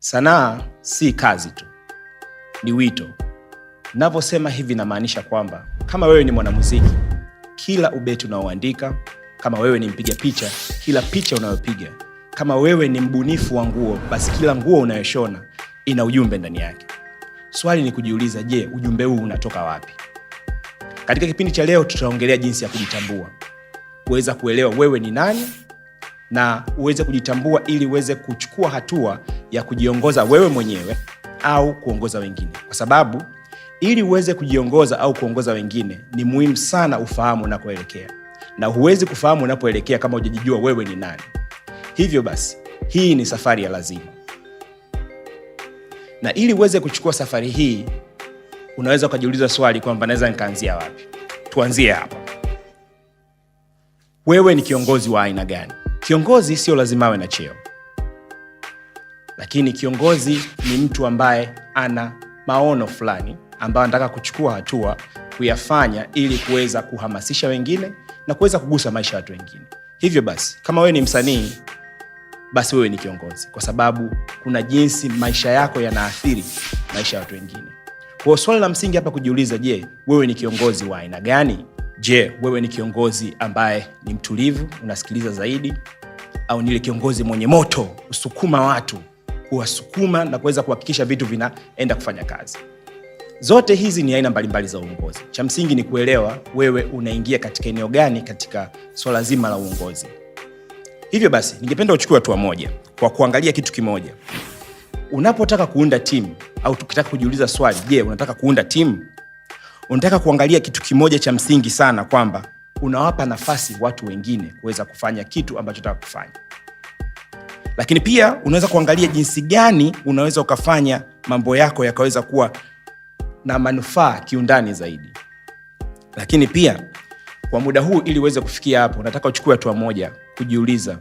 Sanaa si kazi tu, ni wito. navyosema hivi, namaanisha kwamba kama wewe ni mwanamuziki, kila ubeti unaoandika, kama wewe ni mpiga picha, kila picha unayopiga, kama wewe ni mbunifu wa nguo, basi kila nguo unayoshona ina ujumbe ndani yake. Swali ni kujiuliza, je, ujumbe huu unatoka wapi? Katika kipindi cha leo, tutaongelea jinsi ya kujitambua, kuweza kuelewa wewe ni nani na uweze kujitambua ili uweze kuchukua hatua ya kujiongoza wewe mwenyewe au kuongoza wengine, kwa sababu ili uweze kujiongoza au kuongoza wengine ni muhimu sana ufahamu unakoelekea, na huwezi kufahamu unapoelekea kama ujajijua wewe ni nani. Hivyo basi, hii ni safari ya lazima, na ili uweze kuchukua safari hii, unaweza ukajiuliza swali kwamba naweza nikaanzia wapi? Tuanzie hapa. Wewe ni kiongozi wa aina gani? Kiongozi sio lazima awe na cheo, lakini kiongozi ni mtu ambaye ana maono fulani ambayo anataka kuchukua hatua kuyafanya ili kuweza kuhamasisha wengine na kuweza kugusa maisha ya watu wengine. Hivyo basi, kama wewe ni msanii, basi wewe ni kiongozi, kwa sababu kuna jinsi maisha yako yanaathiri maisha ya watu wengine. kwao swala la msingi hapa kujiuliza, je, wewe ni kiongozi wa aina gani? Je, wewe ni kiongozi ambaye ni mtulivu, unasikiliza zaidi au ni kiongozi mwenye moto, usukuma watu, kuwasukuma na kuweza kuhakikisha vitu vinaenda kufanya kazi. Zote hizi ni aina mbalimbali za uongozi. Cha msingi ni kuelewa wewe unaingia katika eneo gani katika swala zima la uongozi. Hivyo basi, ningependa uchukue hatua moja kwa kuangalia kitu kimoja. Unapotaka kuunda timu au tukitaka kujiuliza swali, je, unataka kuunda timu? Unataka kuangalia kitu kimoja cha msingi sana kwamba unawapa nafasi watu wengine kuweza kufanya kitu ambacho taka kufanya. Lakini pia unaweza kuangalia jinsi gani unaweza ukafanya mambo yako yakaweza kuwa na manufaa kiundani zaidi. Lakini pia kwa muda huu, ili uweze kufikia hapo, nataka uchukue hatua moja, kujiuliza,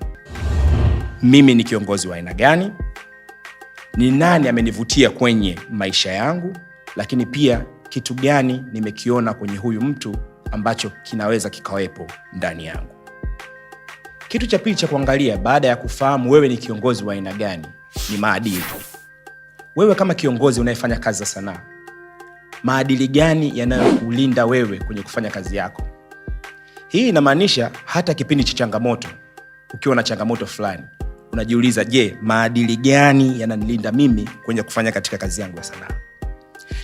mimi ni kiongozi wa aina gani? Ni nani amenivutia kwenye maisha yangu? Lakini pia kitu gani nimekiona kwenye huyu mtu ambacho kinaweza kikawepo ndani yangu. Kitu cha pili cha kuangalia baada ya kufahamu wewe ni kiongozi wa aina gani ni maadili. Wewe kama kiongozi unayefanya kazi za sanaa, maadili gani yanayokulinda wewe kwenye kufanya kazi yako? Hii inamaanisha hata kipindi cha changamoto, ukiwa na changamoto fulani unajiuliza, je, maadili gani yananilinda mimi kwenye kufanya katika kazi yangu ya sanaa?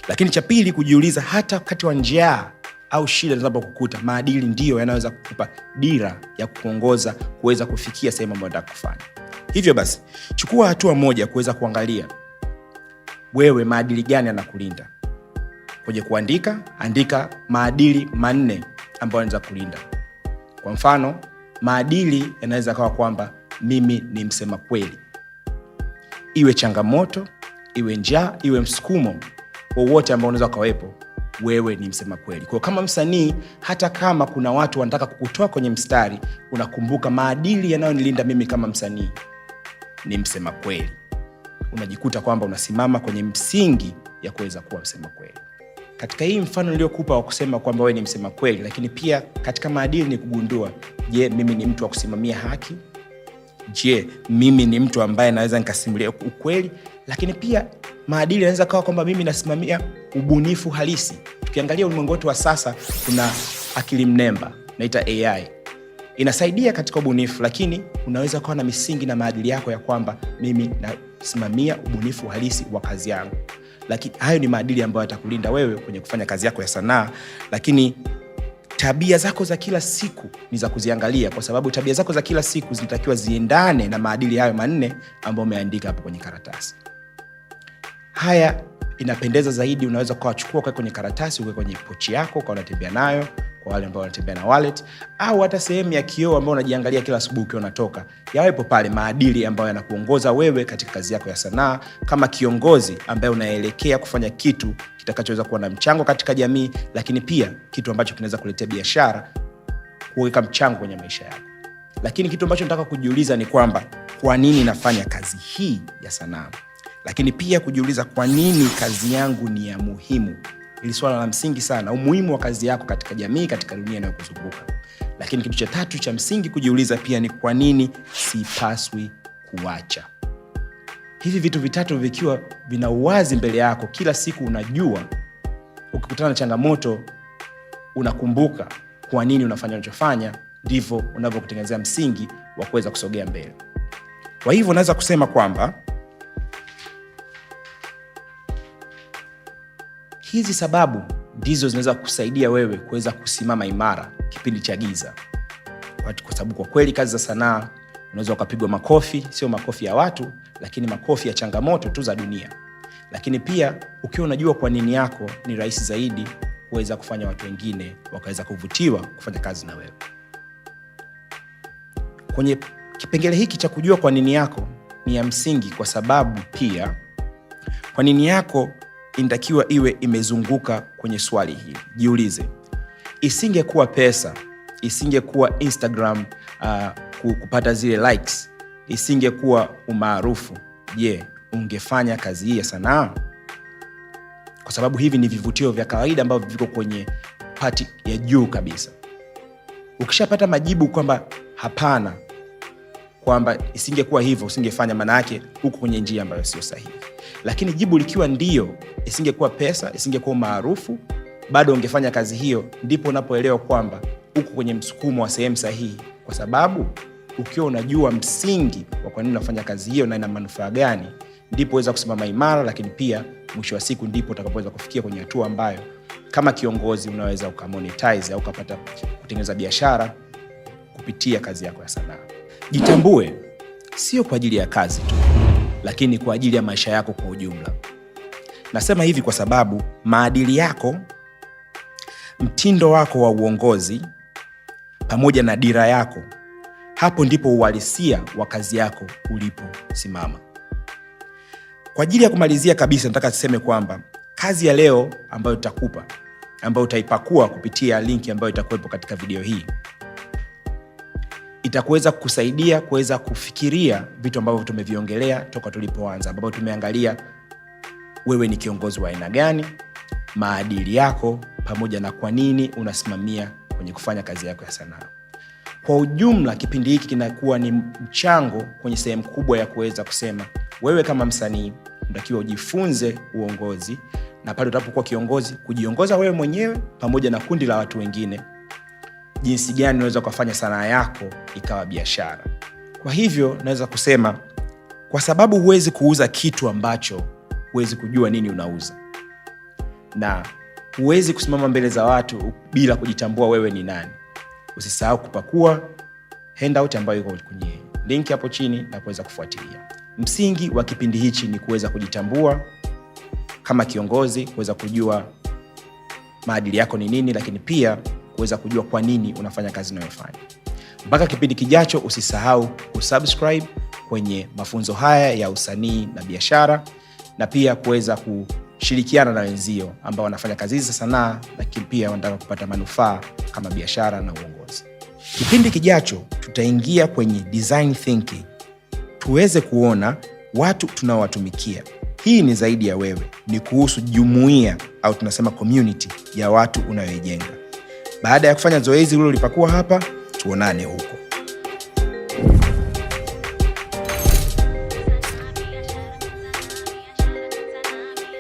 Lakini cha pili, kujiuliza hata wakati wa njiaa au shida zinapokukuta, maadili ndiyo yanaweza kukupa dira ya kuongoza kuweza kufikia sehemu ambayo nataka kufanya. Hivyo basi, chukua hatua moja kuweza kuangalia wewe maadili gani yanakulinda kwenye kuandika. Andika maadili manne ambayo anaweza kulinda. Kwa mfano, maadili yanaweza kawa kwamba mimi ni msema kweli, iwe changamoto, iwe njaa, iwe msukumo wowote ambao unaweza ukawepo wewe ni msema kweli. kwao kama msanii, hata kama kuna watu wanataka kukutoa kwenye mstari, unakumbuka maadili yanayonilinda mimi kama msanii ni msema kweli. Unajikuta kwamba unasimama kwenye msingi ya kuweza kuwa msema kweli. Katika hii mfano niliyokupa wa kusema kwamba wewe ni msema kweli, lakini pia katika maadili ni kugundua, je, mimi ni mtu wa kusimamia haki? Je, mimi ni mtu ambaye naweza nikasimulia ukweli? lakini pia maadili yanaweza kawa kwamba mimi nasimamia ubunifu halisi. Tukiangalia ulimwengu wetu wa sasa, kuna akili mnemba naita AI inasaidia katika ubunifu, lakini unaweza kawa na misingi na maadili yako ya kwamba mimi nasimamia ubunifu halisi wa kazi yangu, lakini hayo ni maadili ambayo yatakulinda wewe kwenye kufanya kazi yako ya sanaa, lakini tabia zako za kila siku ni za kuziangalia, kwa sababu tabia zako za kila siku zinatakiwa ziendane na maadili hayo manne ambayo umeandika hapo kwenye karatasi haya inapendeza zaidi, unaweza ukawachukua ukae kwenye karatasi, ukae kwenye pochi yako, ukawa unatembea nayo kwa wale ambao wanatembea na wallet au hata sehemu ya kioo ambayo unajiangalia kila asubuhi ukiwa unatoka. Yawepo pale maadili ambayo yanakuongoza wewe katika kazi yako ya sanaa, kama kiongozi ambaye unaelekea kufanya kitu kitakachoweza kuwa na mchango katika jamii, lakini pia kitu ambacho kinaweza kuletea biashara, kuweka mchango kwenye maisha yako. Lakini kitu ambacho nataka kujiuliza ni kwamba kwa nini nafanya kazi hii ya sanaa? lakini pia kujiuliza kwa nini kazi yangu ni ya muhimu. ili swala la msingi sana, umuhimu wa kazi yako katika jamii, katika dunia inayokuzunguka. Lakini kitu cha tatu cha msingi kujiuliza pia ni kwa nini sipaswi kuacha. Hivi vitu vitatu vikiwa vina uwazi mbele yako kila siku, unajua ukikutana na changamoto unakumbuka kwa nini unafanya unachofanya, ndivyo unavyokutengenezea msingi wa kuweza kusogea mbele. Kwa hivyo unaweza kusema kwamba Hizi sababu ndizo zinaweza kusaidia wewe kuweza kusimama imara kipindi cha giza, kwa sababu kwa kweli kazi za sanaa unaweza ukapigwa makofi, sio makofi ya watu, lakini makofi ya changamoto tu za dunia. Lakini pia ukiwa unajua kwa nini yako, ni rahisi zaidi kuweza kufanya watu wengine wakaweza kuvutiwa kufanya kazi na wewe. Kwenye kipengele hiki cha kujua kwa nini yako ni ya msingi, kwa sababu pia kwa nini yako inatakiwa iwe imezunguka kwenye swali hili. Jiulize, isingekuwa pesa, isingekuwa Instagram uh, kupata zile likes, isingekuwa umaarufu, je, yeah, ungefanya kazi hii ya sanaa? Kwa sababu hivi ni vivutio vya kawaida ambavyo viko kwenye pati ya juu kabisa. Ukishapata majibu kwamba hapana, kwamba isingekuwa hivyo usingefanya, maana yake huko kwenye njia ambayo sio sahihi. Lakini jibu likiwa ndio, isingekuwa pesa, isingekuwa umaarufu bado ungefanya kazi hiyo. Ndipo unapoelewa kwamba uko kwenye msukumo wa sehemu sahihi, kwa sababu ukiwa unajua msingi wa kwanini unafanya kazi hiyo na ina manufaa gani, ndipo weza kusimama imara, lakini pia mwisho wa siku ndipo utakapoweza kufikia kwenye hatua ambayo kama kiongozi unaweza ukamonetize au ukapata kutengeneza biashara kupitia kazi yako ya sanaa. Jitambue sio kwa ajili ya kazi tu lakini kwa ajili ya maisha yako kwa ujumla. Nasema hivi kwa sababu maadili yako, mtindo wako wa uongozi, pamoja na dira yako, hapo ndipo uhalisia wa kazi yako uliposimama. Kwa ajili ya kumalizia kabisa, nataka tuseme kwamba kazi ya leo ambayo tutakupa ambayo utaipakua kupitia linki ambayo itakuwepo katika video hii itakuweza kusaidia kuweza kufikiria vitu ambavyo tumeviongelea toka tulipoanza, ambapo tumeangalia wewe ni kiongozi wa aina gani, maadili yako, pamoja na kwa nini unasimamia kwenye kufanya kazi yako ya sanaa. Kwa ujumla, kipindi hiki kinakuwa ni mchango kwenye sehemu kubwa ya kuweza kusema wewe kama msanii unatakiwa ujifunze uongozi, na pale utapokuwa kiongozi, kujiongoza wewe mwenyewe pamoja na kundi la watu wengine jinsi gani unaweza ukafanya sanaa yako ikawa biashara. Kwa hivyo naweza kusema kwa sababu huwezi kuuza kitu ambacho huwezi kujua nini unauza, na huwezi kusimama mbele za watu bila kujitambua wewe ni nani. Usisahau kupakua handout ambayo iko kwenye link hapo chini na kuweza kufuatilia. Msingi wa kipindi hichi ni kuweza kujitambua kama kiongozi, kuweza kujua maadili yako ni nini, lakini pia kuweza kujua kwa nini unafanya kazi unayofanya. Mpaka kipindi kijacho, usisahau kusubscribe kwenye mafunzo haya ya usanii na biashara, na pia kuweza kushirikiana na wenzio ambao wanafanya kazi hizi za sanaa, lakini pia wanataka kupata manufaa kama biashara na uongozi. Kipindi kijacho tutaingia kwenye design thinking, tuweze kuona watu tunaowatumikia. Hii ni zaidi ya wewe, ni kuhusu jumuiya au tunasema community ya watu unayoijenga. Baada ya kufanya zoezi lipakuwa hapa, tuonane huko.